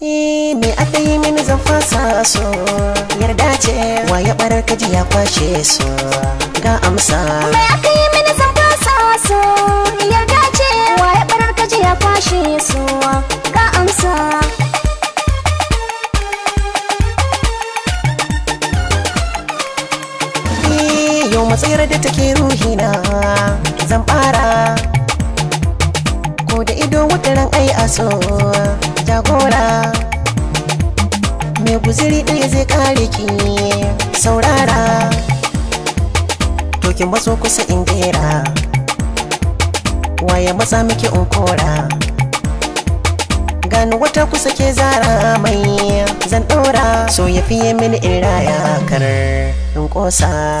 me aka yi mini zan fasa so yarda ce wa ya barar kaji ya kwashe so ga amsa me aka yi mini zan fasa so yarda ce wa ya barar kaji ya kwashe so ga amsa yau matsayar da take ruhina zan fara ko da ido wata ran taso jagora mai guziri ɗaya zai kare ki saurara to ki maso kusa in gera waye matsa miki in kora gani wata kusa ke zara mai zan ɗora so ya fiye mini in raya kar in ƙosa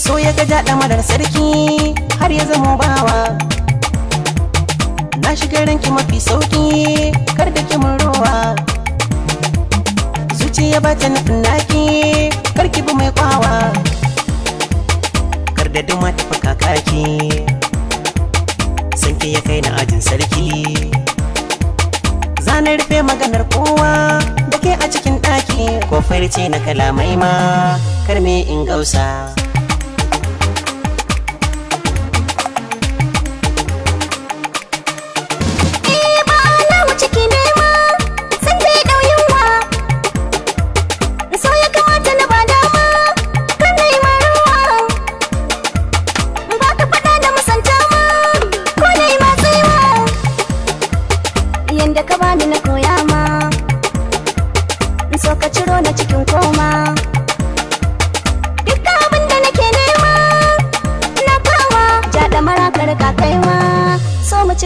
so ya gaja damarar sarki har ya zama bawa na shiga ranki mafi sauki kar da ki mun rowa zuciya ba ta nufin naki kar ki bi mai kwawa kar da duma tafi kakaki sanki ya kai na ajin sarki zanar rufe maganar kowa da ke a cikin ɗaki ko farce na kalamai ma kar me in gausa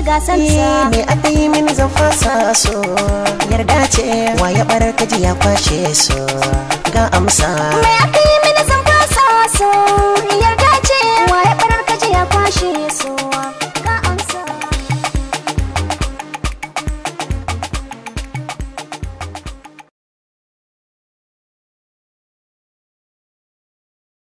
gasan sa eh, me aka yi min zan fasa so yarda ce wa ya bar kaji ya kwashe so ga amsa me